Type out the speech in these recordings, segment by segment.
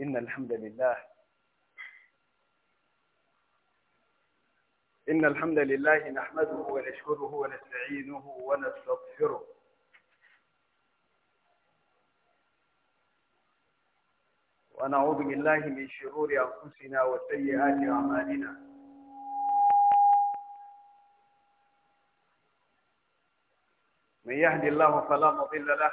إن الحمد لله إن الحمد لله نحمده ونشكره ونستعينه ونستغفره ونعوذ بالله من شرور أنفسنا وسيئات أعمالنا من يهدي الله فلا مضل له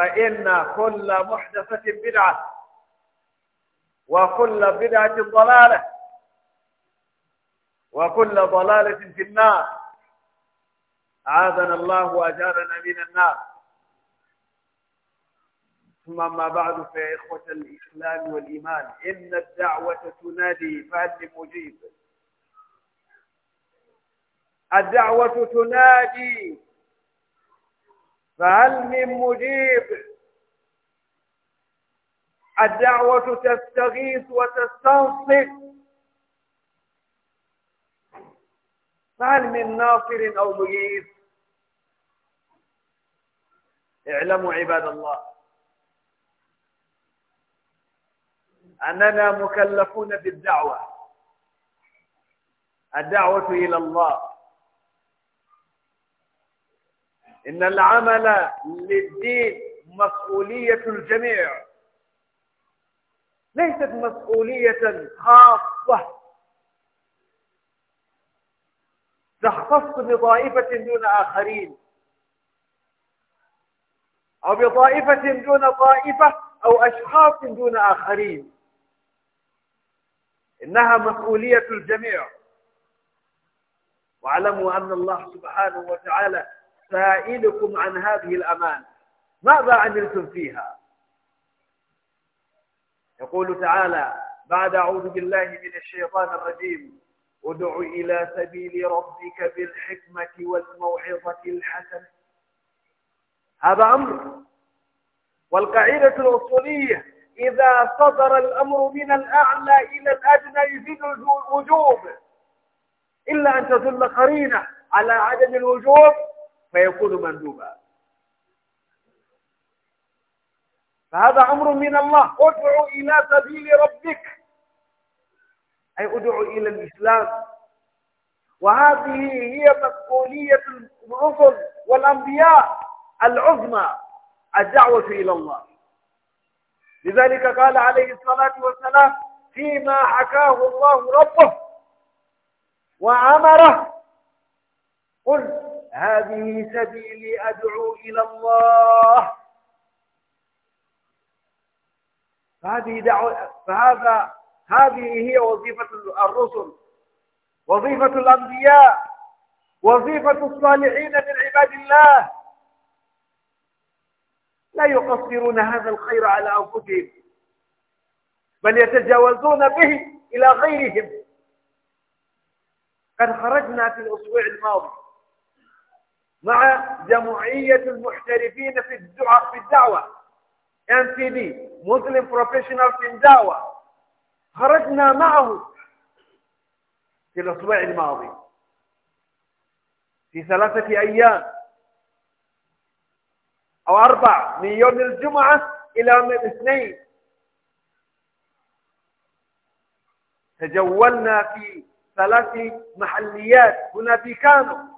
فإن كل محدثة بدعة وكل بدعة ضلالة وكل ضلالة في النار عاذنا الله وأجارنا من النار ثم ما بعد فيا إخوة الإسلام والإيمان إن الدعوة تنادي فهل مجيب الدعوة تنادي فهل من مجيب الدعوة تستغيث وتستنصف فهل من ناصر أو مجيب اعلموا عباد الله أننا مكلفون بالدعوة الدعوة إلى الله إن العمل للدين مسؤولية الجميع ليست مسؤولية خاصة تختص بطائفة دون آخرين أو بطائفة دون طائفة أو أشخاص دون آخرين إنها مسؤولية الجميع واعلموا أن الله سبحانه وتعالى سائلكم عن هذه الأمانة ماذا عملتم فيها يقول تعالى بعد أعوذ بالله من الشيطان الرجيم ادع إلى سبيل ربك بالحكمة والموعظة الحسنة هذا أمر والقاعدة الأصولية إذا صدر الأمر من الأعلى إلى الأدنى يزيد الوجوب إلا أن تدل قرينة على عدم الوجوب فيكون مندوبا فهذا أمر من الله ادع إلى سبيل ربك أي ادع إلى الإسلام وهذه هي مسؤولية الرسل والأنبياء العظمى الدعوة إلى الله لذلك قال عليه الصلاة والسلام فيما حكاه الله ربه وأمره قل هذه سبيلي أدعو إلى الله فهذه دعوة فهذا هذه هي وظيفة الرسل وظيفة الأنبياء وظيفة الصالحين من عباد الله لا يقصرون هذا الخير على أنفسهم بل يتجاوزون به إلى غيرهم قد خرجنا في الأسبوع الماضي مع جمعية المحترفين في الدعاء في الدعوة MPD Muslim Professional في الدعوة خرجنا معه في الأسبوع الماضي في ثلاثة أيام أو أربع من يوم الجمعة إلى يوم الاثنين تجولنا في ثلاث محليات هنا في كانو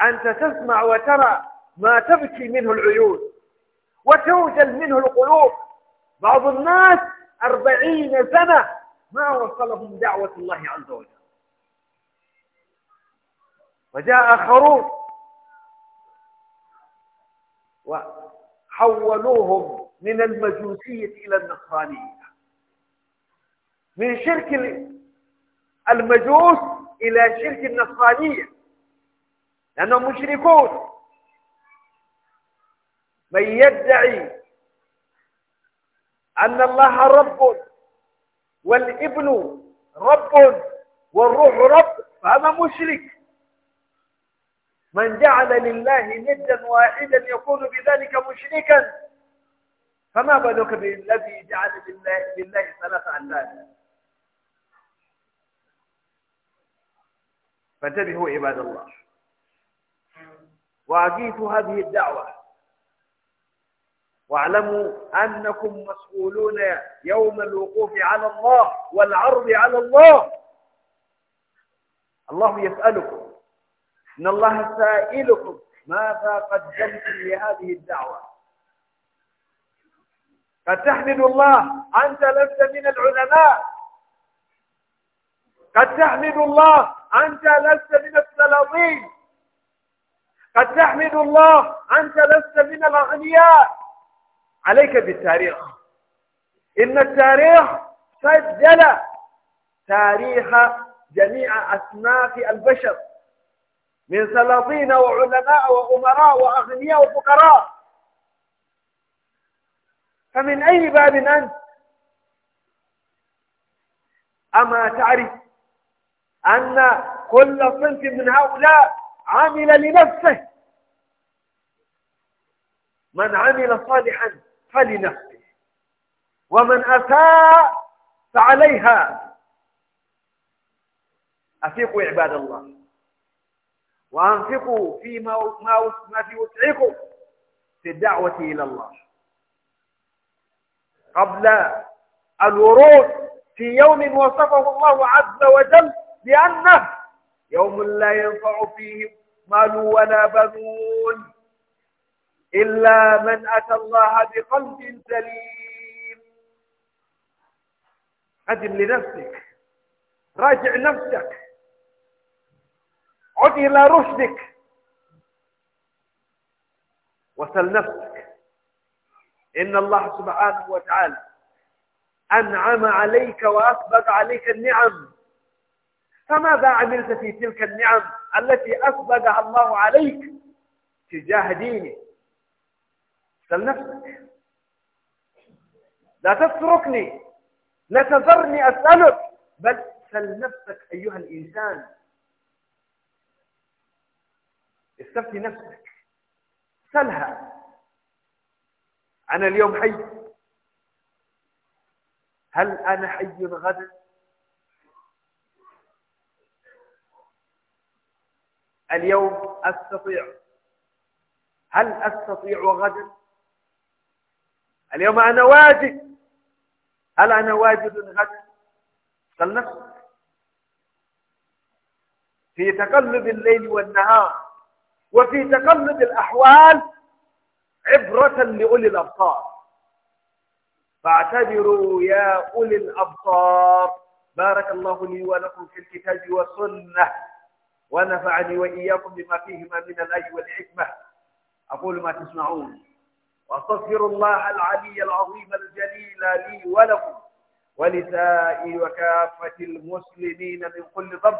أنت تسمع وترى ما تبكي منه العيون وتوجل منه القلوب بعض الناس أربعين سنة ما وصلهم دعوة الله عز وجل وجاء آخرون وحولوهم من المجوسية إلى النصرانية من شرك المجوس إلى شرك النصرانية لأنهم مشركون من يدعي أن الله رب والابن رب والروح رب فهذا مشرك من جعل لله ندا واحدا يكون بذلك مشركا فما بالك بالذي جعل لله, لله ثلاثة أندادا فانتبهوا عباد الله واجيت هذه الدعوة واعلموا أنكم مسؤولون يوم الوقوف على الله والعرض على الله الله يسألكم إن الله سائلكم ماذا قدمتم لهذه الدعوة قد تحمد الله أنت لست من العلماء قد تحمد الله أنت لست من السلاطين قد تحمد الله أنت لست من الأغنياء عليك بالتاريخ إن التاريخ سجل تاريخ جميع أسماك البشر من سلاطين وعلماء وأمراء وأغنياء وفقراء فمن أي باب أنت أما تعرف أن كل صنف من هؤلاء عمل لنفسه من عمل صالحا فلنفسه ومن أساء فعليها أفيقوا عباد الله وأنفقوا فيما ما ما في وسعكم في الدعوة إلى الله قبل الورود في يوم وصفه الله عز وجل بأنه يوم لا ينفع فيه مال ولا بنون إلا من أتى الله بقلب سليم أدم لنفسك راجع نفسك عد إلى رشدك وسل نفسك إن الله سبحانه وتعالى أنعم عليك وأثبت عليك النعم فماذا عملت في تلك النعم التي أسبقها الله عليك تجاه دينه سل نفسك لا تتركني لا تذرني أسألك بل سل نفسك أيها الإنسان استفتي نفسك سلها أنا اليوم حي هل أنا حي غدا اليوم أستطيع هل أستطيع غدا اليوم أنا واجد هل أنا واجد غدا سل في تقلب الليل والنهار وفي تقلب الأحوال عبرة لأولي الأبصار فاعتبروا يا أولي الأبصار بارك الله لي ولكم في الكتاب والسنة ونفعني وإياكم بما فيهما من الأجل والحكمة أقول ما تسمعون وأستغفر الله العلي العظيم الجليل لي ولكم ولسائر وكافة المسلمين من كل ذنب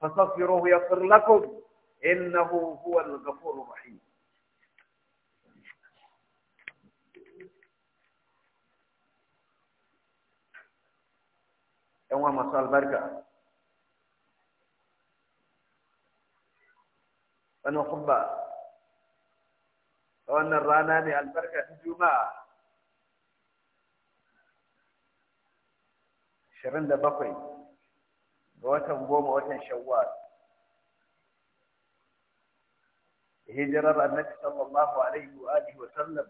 فاستغفروه يغفر لكم إنه هو الغفور الرحيم yan ما صار albarka wani kuma a wannan rana ne albarka ta juma'a 27 ga watan goma watan shawwal hijirar annabi sallallahu alaihi wa alihi wa sallam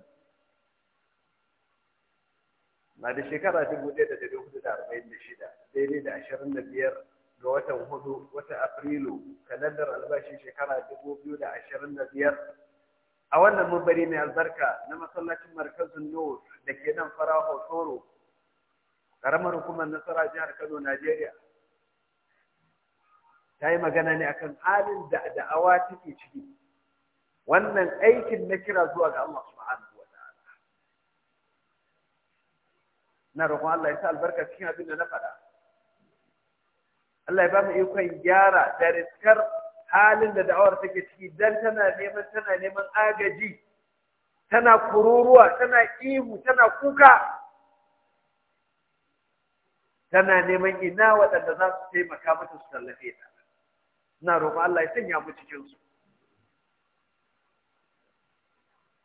na da shekara 1446 daidai da 25 ga watan hudu wata afrilu kalandar albashin shekara dubu biyu da ashirin da biyar a wannan mambari mai albarka na masallacin markazin nur da ke nan farawa toro karamar hukumar nasara jihar kano najeriya ta yi magana ne akan halin da da'awa take ciki wannan aikin na kira zuwa ga allah subhanahu wa ta'ala na roƙon allah ya sa albarka cikin abin da na faɗa Allah ya ba mu ikon gyara da riskar halin da da'awar take ciki dan tana neman tana neman agaji tana kururuwa tana ihu tana kuka tana neman ina waɗanda za su taimaka mata su tallafe ta na roƙo Allah ya sanya mu cikin su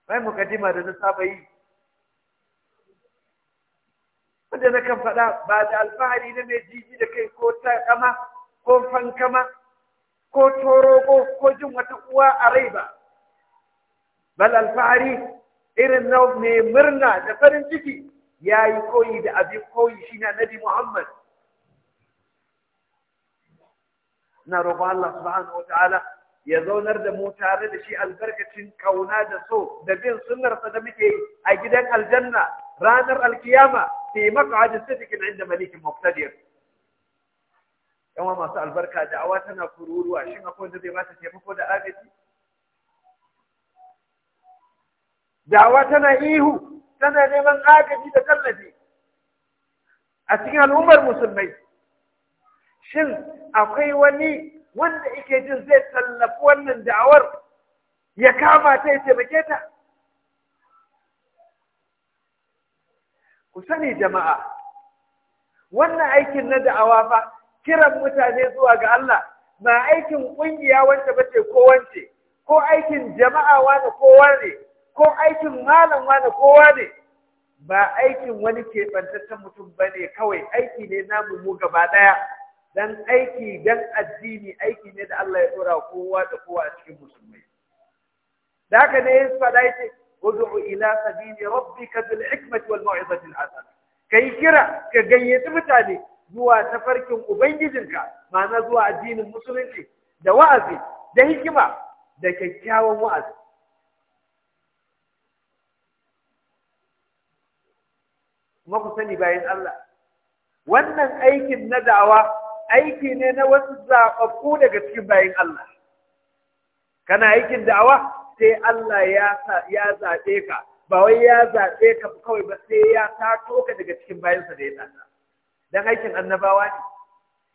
bai mukaddima da na saba yi wanda na kan faɗa ba da alfahari na mai jiji da kai ko takama ko fankama ko toroko ko jin wata uwa a rai ba bal alfahari irin na mai murna da farin ciki ya yi koyi da abin koyi shi na nabi muhammad na roƙon Allah subhanahu wata'ala ya zaunar da mu tare da shi albarkacin kauna da so da bin sunnarsa da muke yi a gidan aljanna ranar alkiyama fi maq'adi sidqin inda malikin muqtadir yawa masu albarka da'awa tana kururuwa shin akwai wanda zai bata taimako da da'awa tana ihu tana neman agaji da tallafi a cikin al'ummar musulmai shin akwai wani wanda yake jin zai tallafi wannan da'awar ya kama ta ya taimake ta ku sani jama'a wannan aikin na da'awa ba kiran mutane zuwa ga Allah ba aikin kungiya wanda bace ko wance ko aikin jama'a wani kowa ne ko aikin malam wani kowa ne ba aikin wani keɓantaccen mutum ba ne kawai aiki ne namu mu gaba ɗaya dan aiki dan addini aiki ne da Allah ya tura kowa da kowa a cikin musulmai da haka ne ya faɗa yake ud'u ila sabili rabbika bil hikmati wal mau'izati al Ka yi kira ka gayyaci mutane zuwa tafarkin ubangijinka ma'ana zuwa addinin musulunci da wa'azi da hikima da kyakkyawan wa'azi kuma ku sani bayan Allah wannan aikin na da'awa aiki ne na wasu zaɓaɓɓu daga cikin bayan Allah kana aikin da'awa sai Allah ya zaɓe ka ba wai ya zaɓe ka kawai ba sai ya tato ka daga cikin bayansa da ya tata dan aikin annabawa ne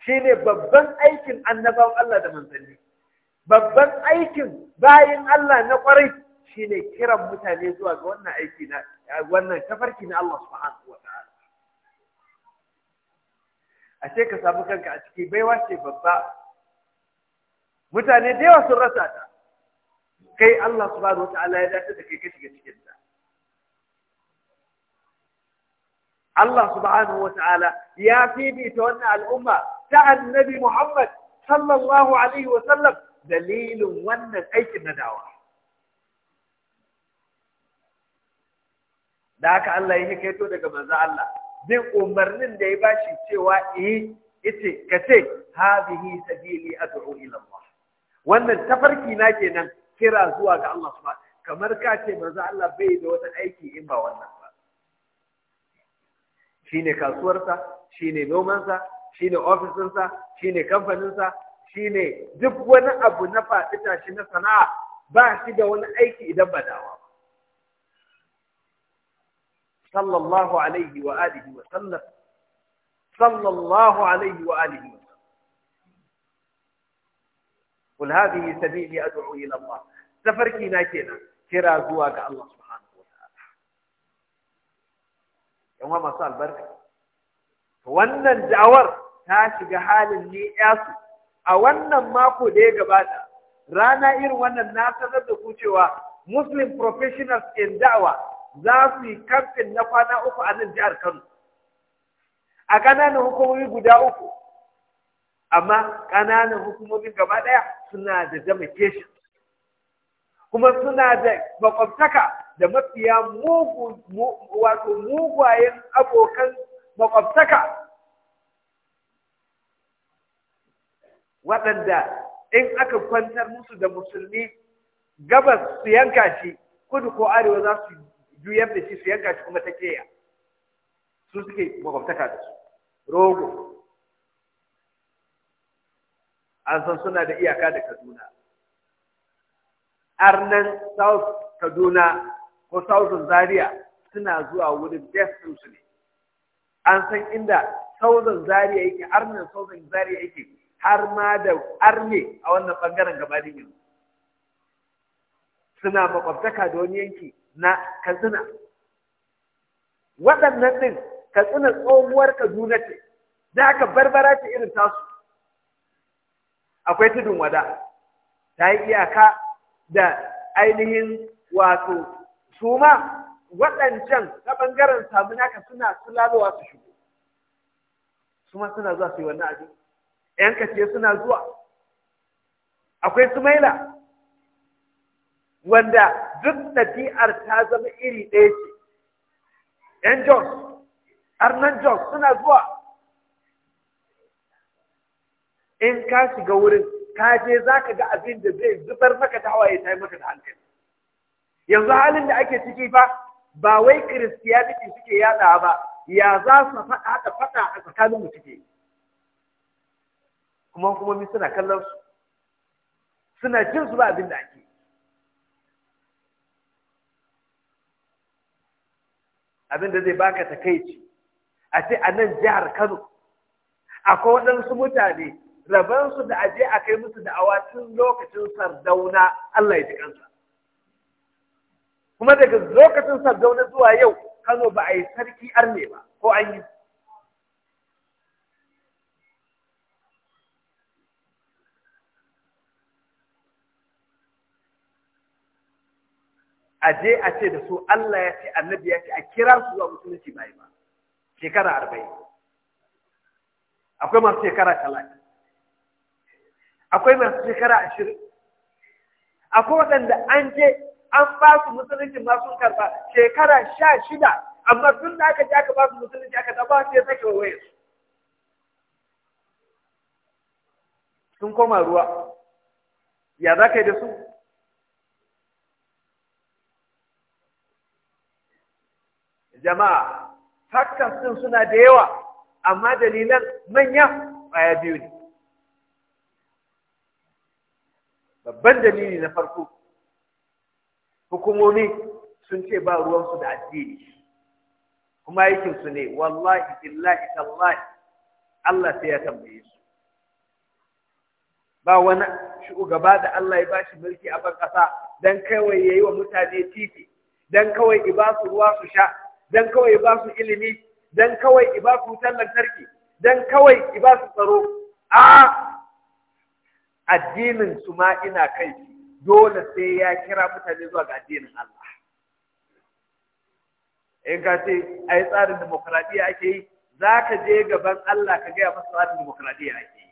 shi ne babban aikin annabawan Allah da manzanni babban aikin bayan Allah na kwarai ne kiran mutane zuwa ga wannan aiki na wannan tafarki na Allah subhanahu wa ta'ala ce ka samu kanka a ciki baiwa ce babba mutane da yawa sun rasa ta kai Allah subhanahu wata'ala ya dace da kai ka shiga cikin ta Allah subhanahu wata'ala ya fifita wannan al'umma ta annabi Muhammad sallallahu alaihi wa sallam dalilin wannan aikin na dawa da haka Allah ya kaito daga manzo Allah bin umarnin da ya bashi cewa eh ite kace hadhihi sabili ad'u ila Allah wannan tafarki na kenan kira zuwa ga Allah subhanahu kamar ka ce manzo Allah bai da wata aiki in ba wannan ba shine kasuwarsa shine sa shine sa shine sa shine duk wani abu na faɗi shi na sana'a ba shi da wani aiki idan ba dawa ba sallallahu alaihi wa alihi wa sallam sallallahu alaihi wa alihi wa sallam قل هذه سبيلي أدعو إلى الله tafarki na kenan kira zuwa ga Allah subhanahu wa ta'ala yan masu albarka wannan da'awar ta shiga halin ne yasu a wannan mako da ya gabata rana irin wannan na sanar da ku cewa muslim professionals in da'awa za su yi kamfin na kwana uku a nan jihar kano a ƙananan hukumomi guda uku amma ƙananan hukumomin gaba ɗaya suna da demarcation kuma suna da makwabtaka da mafiya wato mugayen abokan makwabtaka waɗanda in aka kwantar musu da musulmi gabas su yanka shi kudu ko arewa za su juyar da shi su yanka shi kuma ta keya su suke makwabtaka da su rogo an san suna da iyaka da kaduna arnan south kaduna ko south zaria suna zuwa wurin destin su ne an san inda southern zaria yake arnan southern zaria yake har ma da arme a wannan bangaren gabanin yanzu suna makwabtaka da wani yanki na katsina waɗannan ɗin katsina tsohuwar kaduna ce da ka barbara ce irin tasu akwai tudun wada ta yi iyaka da ainihin wato su ma waɗancan ta ɓangaren samu naka suna sulalowa su shigo su ma suna zuwa su yi wannan abin ‘yan kace suna zuwa akwai sumaila wanda duk ɗabi'ar ta zama iri ɗaya ce ‘yan jos arnan jos suna zuwa in ka shiga wurin ka je za ka ga abin da zai zubar maka da hawaye ta yi maka da hankali yanzu halin da ake ciki ba ba wai kiristiyaniti suke yada ba ya za su faɗa haɗa faɗa a tsakaninmu ciki. Kuma kuma mi suna kallon su suna jin su ba abin da ake abin da zai baka takaici a ce a nan jihar kano akwai waɗansu mutane rabansu da aje a kai musu da'awa tun lokacin sardauna Allah ya ji kansa kuma daga lokacin sardauna zuwa yau Kano ba a yi sarki arne ba ko an yi aje a ce da su Allah ya ce annabi ya ce a kira su zuwa musulunci bai ba shekara arba'in akwai masu shekara talatin akwai masu shekara ashirin akwai waɗanda an je an ba su musulunci masu sun karɓa shekara sha shida amma tun da aka je aka ba su musulunci aka taba su ya sake waye su sun koma ruwa ya za ka yi da su jama'a factors sun suna da yawa amma dalilan manya baya biyu ne babban dalili na farko hukumomi sun ce ba ruwansu da addini kuma aikinsu ne wallahi billahi tallahi Allah sai ya tambaye su ba wani shugaba da Allah ya bashi mulki a ban kasa dan kawai yayi wa mutane titi dan kawai i ba ruwa su sha dan kawai i ba ilimi dan kawai i ba wutar lantarki dan kawai i ba tsaro a addinin su ma ina kai dole sai ya kira mutane zuwa ga addinin Allah in ka ce ai tsarin demokradiyya ake yi za ka je gaban Allah ka gaya masa tsarin demokradiyya ake yi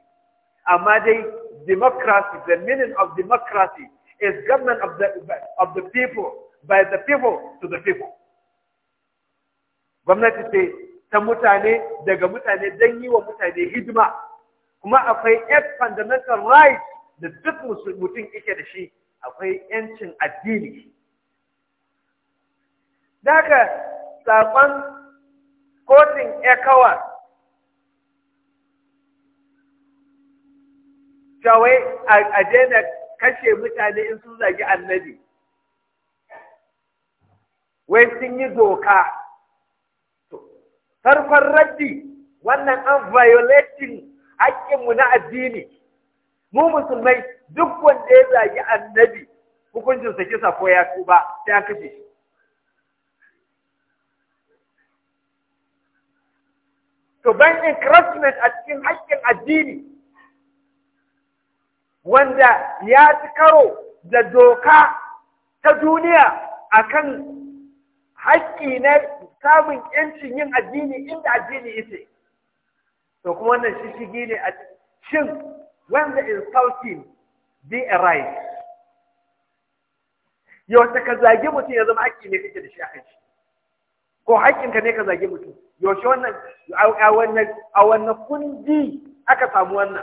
amma dai democracy the meaning of democracy is government of the, of the people by the people to the people gwamnati ce ta mutane daga mutane don yi wa mutane hidima kuma akwai eight fundamental rights da duk mutum yake da shi akwai yancin addini daga saƙon kotun ekawa Kawai a daina kashe mutane in sun zagi annabi wai sun yi doka farkon raddi wannan an violating haƙƙinmu na addini mu musulmai duk wanda ya zagi annabi hukuncinsa kisa ko ya tuba sai an kashe shi to ban encouragement a cikin haƙƙin addini wanda ya ci karo da doka ta duniya akan haƙƙi na samun 'yancin yin addini inda addini ya to kuma wannan shishigi ne a shin when the insulting be a right yaushe ka zagi mutum ya zama haƙƙi ne kake da shi a shi? ko haƙƙinka ne ka zagi mutum yaushe wannan a wannan kundi aka samu wannan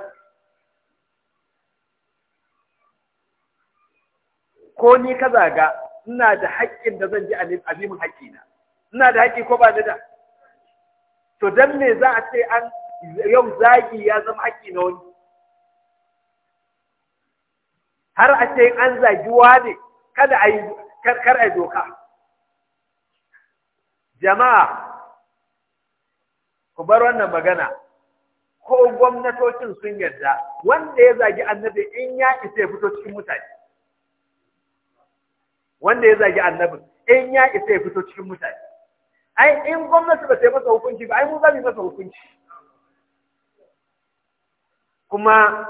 ko ni ka zaga ina da haƙƙin da zan ji a azimin haƙƙina ina da haƙƙi ko ba da to dan me za a ce an yau zagi ya zama haƙƙi na wani har a ce an zagi ne kada a yi karkar a doka jama'a ku bar wannan magana ko gwamnatocin sun yarda wanda ya zagi annabi in ya isa ya fito cikin mutane wanda ya zagi annabi in ya isa ya fito cikin mutane ai in gwamnati ba ta yi masa hukunci ba ai mu za mu yi masa hukunci kuma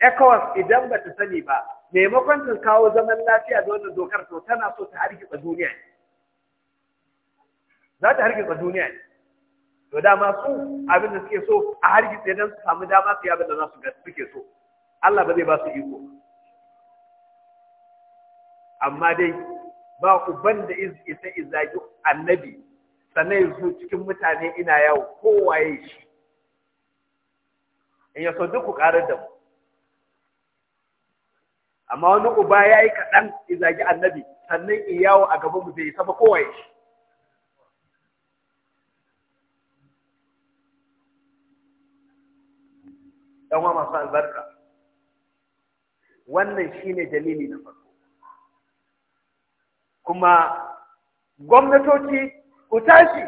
ECOWAS idan ba ta sani ba maimakon ta kawo zaman lafiya da wannan dokar to tana so ta hargitsa duniya ne za ta hargitsa duniya ne to dama su abin da suke so a hargitse don su samu dama su yi abin da za su suke so Allah ba zai ba su iko amma dai ba ku ban da ta izagi annabi sannan yanzu cikin mutane ina yawo kowaye shi in ya duk ku karar da mu amma wani uba ya yi kaɗan izagi annabi sannan iyawo a gaban mu zai saba kowa shi ɗan wa masu albarka wannan shi ne dalili na farko kuma gwamnatoci ku tashi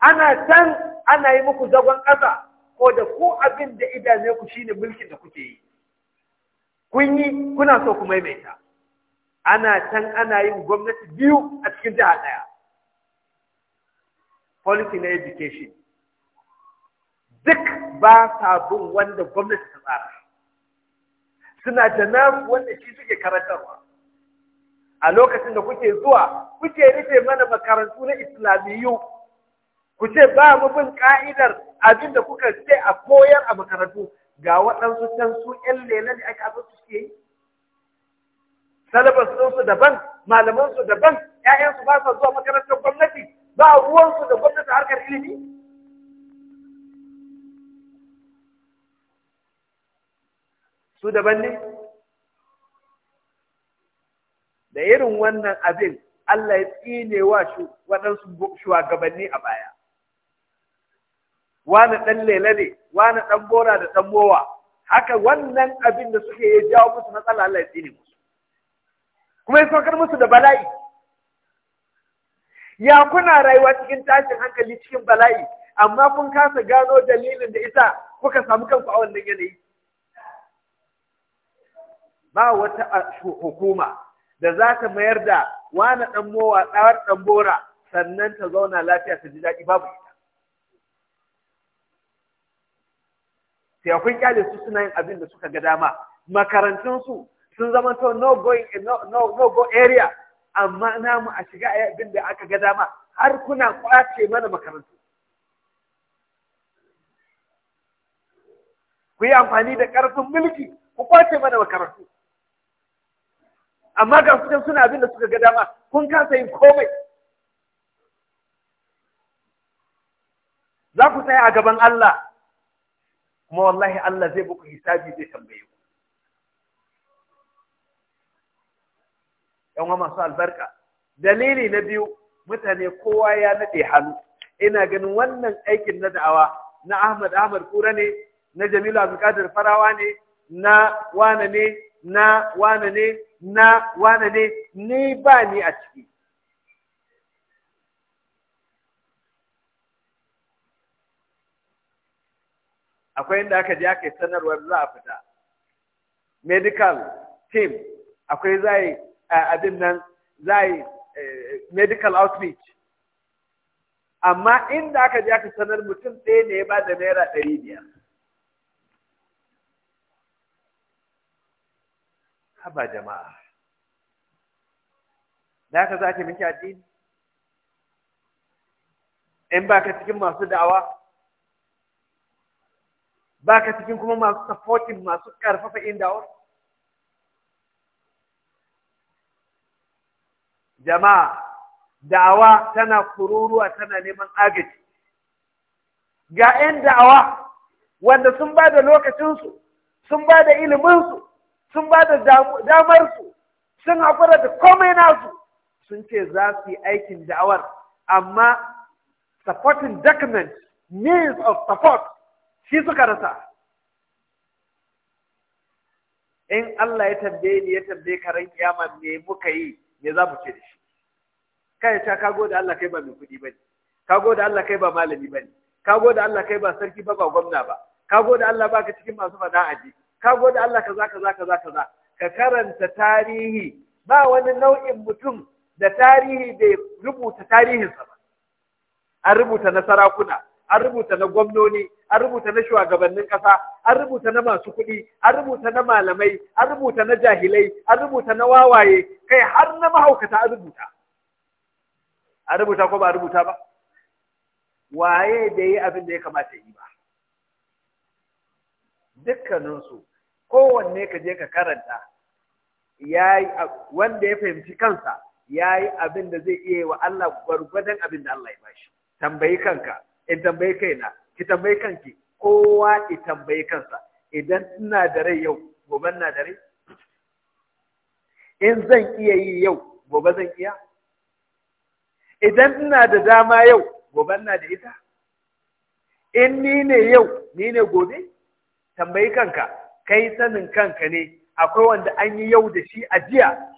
ana can ana yi muku zagon ƙasa ko da ku abin da ku shine mulkin da kuke yi kun yi kuna so ku maimaita ana can ana yin gwamnati biyu a cikin jiha ɗaya policy na education duk ba sa bin wanda gwamnati ta tsara suna da nasu wanda shi suke karantarwa a lokacin da kuke zuwa kuke rufe mana makarantu na islamiyu ku ce ba mu bin ƙa'idar. abin da kuka ce a koyar a makarantu ga waɗansu can su ƴan lele ne aka abin su suke yi su daban malaman su daban ƴaƴansu ba sa zuwa makarantar gwamnati ba ruwansu da gwamnati harkar ilimi su daban ne da irin wannan abin Allah ya tsine wa waɗansu shugabanni a baya wani ɗan lele ne wani ɗan bora da ɗan mowa haka wannan abin da suke ya jawo musu matsala Allah ya tsini musu kuma ya saukar musu da bala'i ya kuna rayuwa cikin tashin hankali cikin bala'i amma kun kasa gano dalilin da ita, kuka samu kanku a wannan yanayi ba wata hukuma da za ta mayar da wani ɗan mowa ɗawar ɗan bora sannan ta zauna lafiya ta ji daɗi babu ita sai akwai kyale su suna yin abin da suka ga dama makarantun su sun zama to no going no no, go area amma namu a shiga abin da aka ga dama har kuna kwace mana makarantu ku yi amfani da ƙarfin mulki ku kwace mana makarantu amma ga su suna abin da suka ga dama kun kasa yin komai za ku tsaya a gaban Allah kuma wallahi Allah zai buku hisabi zai tambaye ku yan masu albarka dalili na biyu mutane kowa ya nade hannu ina ganin wannan aikin na da'awa na Ahmad Ahmad Kura ne na Jamilu Abdulkadir Farawa ne na wane ne na wane ne na wane ne ni ba ni a ciki akwai inda aka je aka yi sanarwar za a fita medical team akwai za yi abin nan za yi eh, medical outreach amma inda aka je aka sanar mutum ɗaya ne ya ba da naira ɗari biyar haba jama'a da aka za ke miki addini in ba ka cikin masu da'awa baka cikin kuma masu supporting masu karfafa indawar jama'a da'awa tana kururuwa tana neman agaji ga 'yan da'awa wanda sun ba da lokacinsu sun ba da iliminsu sun ba da damarsu sun haƙura da komai nasu sun ce za su yi aikin da'awar amma supporting document means of support shi suka rasa in Allah ya tambaye ni ya tambaye ka ran kiyama me muka yi me za mu ce da shi kai ta ka gode Allah kai ba mai kuɗi bane ka gode Allah kai ba malami bane ka gode Allah kai ba sarki ba ba gwamna ba ka gode Allah ba ka cikin masu fada aji ka gode Allah kaza kaza kaza kaza ka karanta tarihi ba wani nau'in mutum da tarihi bai rubuta tarihinsa ba an rubuta na sarakuna an rubuta na gwamnoni an rubuta na shugabannin ƙasa an rubuta na masu kuɗi an rubuta na malamai an rubuta na jahilai an rubuta na wawaye kai har na mahaukata an rubuta an rubuta ko ba rubuta ba waye da yi abin da ya kamata yi ba dukkaninsu kowanne ka je ka karanta wanda ya fahimci kansa ya yi abin da zai iya yi wa Allah gwargwadon abin da Allah ya bashi tambayi kanka in tambayi kaina ki tambayi kanki kowa ki tambayi kansa idan ina da rai yau gobe na da rai in zan iya yi yau gobe zan iya idan ina da dama yau gobe na da ita in ni ne yau ni ne gobe tambayi kanka kai sanin kanka ne akwai wanda an yi yau da shi a jiya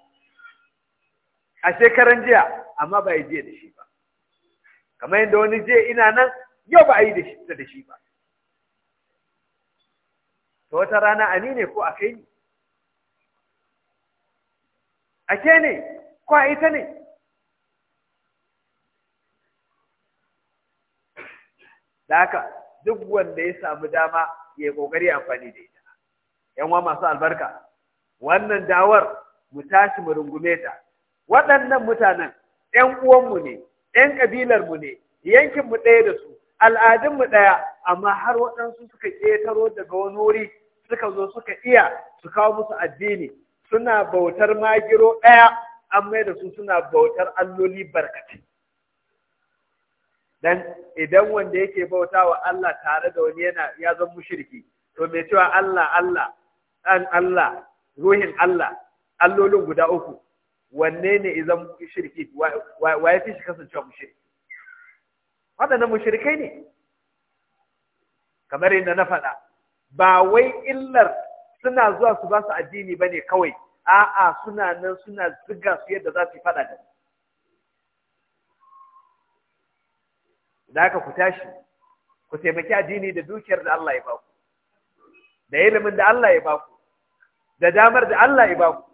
a shekaran jiya amma ba ya jiya da shi kamar yadda wani je ina nan yau ba a yi da shi ba ta wata rana a ne ko a kai ne a ke ne ko a ita ne da haka duk wanda ya samu dama ya kokari amfani da ita yan wa masu albarka wannan dawar mu tashi mu rungume ta waɗannan mutanen ‘yan uwanmu ne 'yan ƙabilar mu ne yankin mu ɗaya da su al'adun mu ɗaya amma har waɗansu suka ƙetaro daga wani wuri suka zo suka iya su kawo musu addini suna bautar magiro ɗaya an mai da su suna bautar alloli barkatai dan idan wanda yake bauta wa Allah tare da wani yana ya zama mushriki to mai cewa Allah Allah ɗan Allah ruhin Allah allolin guda uku wanne ne izan shirki wa ya fi shi kasancewa mushirki waɗannan mushirkai ne kamar yadda na faɗa ba wai illar suna zuwa su ba su addini ba ne kawai a'a suna nan suna ziga su yadda za su yi faɗa da su da haka ku tashi ku taimaki addini da dukiyar da Allah ya ba ku da ilimin da Allah ya ba ku da damar da Allah ya ba ku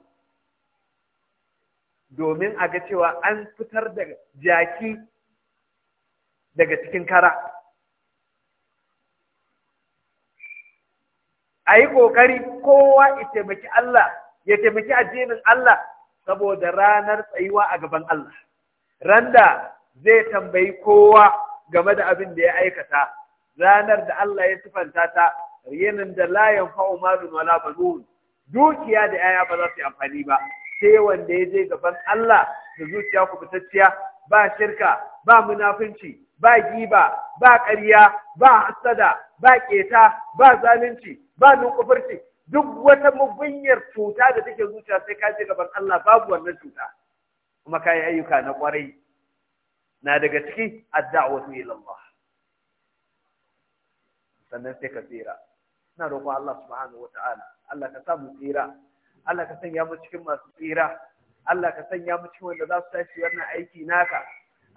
domin a ga cewa an fitar da jaki daga cikin kara a yi ƙoƙari kowa ya taimaki Allah ya taimaki addinin Allah saboda ranar tsayuwa a gaban Allah randa zai tambayi kowa game da abin da ya aikata ranar da Allah ya sifanta ta yanin da layan fa'o malun wala banun dukiya da yaya ba za su yi amfani ba sai wanda ya je gaban Allah da zuciya kubutacciya ba shirka ba munafunci ba giba ba ƙarya ba hasada ba ƙeta, ba zalunci ba nunkufurci duk wata mugunyar cuta da take zuciya sai ka je gaban Allah babu wannan cuta kuma ka yi ayyuka na kwarai na daga ciki ad wasu, ila Allah sannan sai ka tsira ina roƙon Allah subhanahu ta'ala, Allah ka samu tsira Allah ka sanya mu cikin masu tsira Allah ka sanya mu cikin wanda za su tashi wannan aiki naka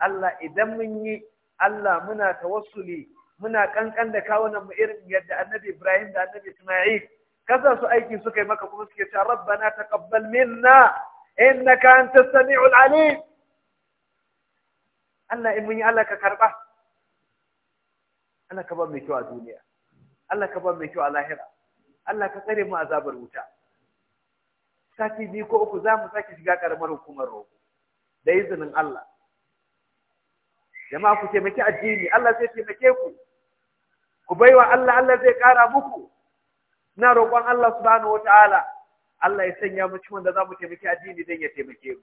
Allah idan mun yi Allah muna tawassuli muna kankan da kawunan mu irin yadda Annabi Ibrahim da Annabi Isma'il kasa su aiki suka yi maka kuma suke cewa rabbana taqabbal minna innaka antas samiul alim Allah in mun yi Allah ka karba Allah ka ba mai kyau a duniya Allah ka ba mai kyau a lahira Allah ka tsare mu azabar wuta sati biyu ko uku za mu sake shiga karamar hukumar roƙo da izinin Allah jama'a ku taimaki addini Allah zai taimake ku ku baiwa Allah Allah zai ƙara muku na roƙon Allah subhanahu Ta'ala, Allah ya sanya mu cikin wanda za mu taimaki addini don ya taimake mu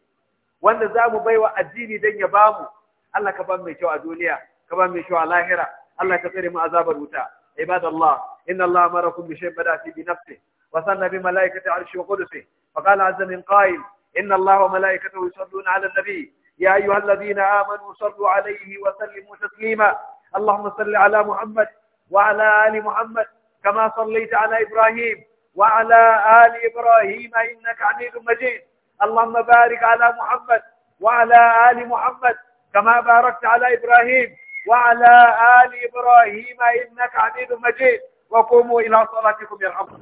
wanda za mu baiwa addini don ya bamu Allah ka ba mai kyau a duniya ka ba mai kyau a lahira Allah ka tsare mu azabar wuta ibadallah inna Allah amarakum bi shay'in bada fi nafsihi وصلنا بملائكة عرشه وقدسه فقال عز من قائل إن الله وملائكته يصلون على النبي يا أيها الذين آمنوا صلوا عليه وسلموا تسليما اللهم صل على محمد وعلى آل محمد كما صليت على إبراهيم وعلى آل إبراهيم إنك حميد مجيد اللهم بارك على محمد وعلى آل محمد كما باركت على إبراهيم وعلى آل إبراهيم إنك حميد مجيد وقوموا إلى صلاتكم يرحمكم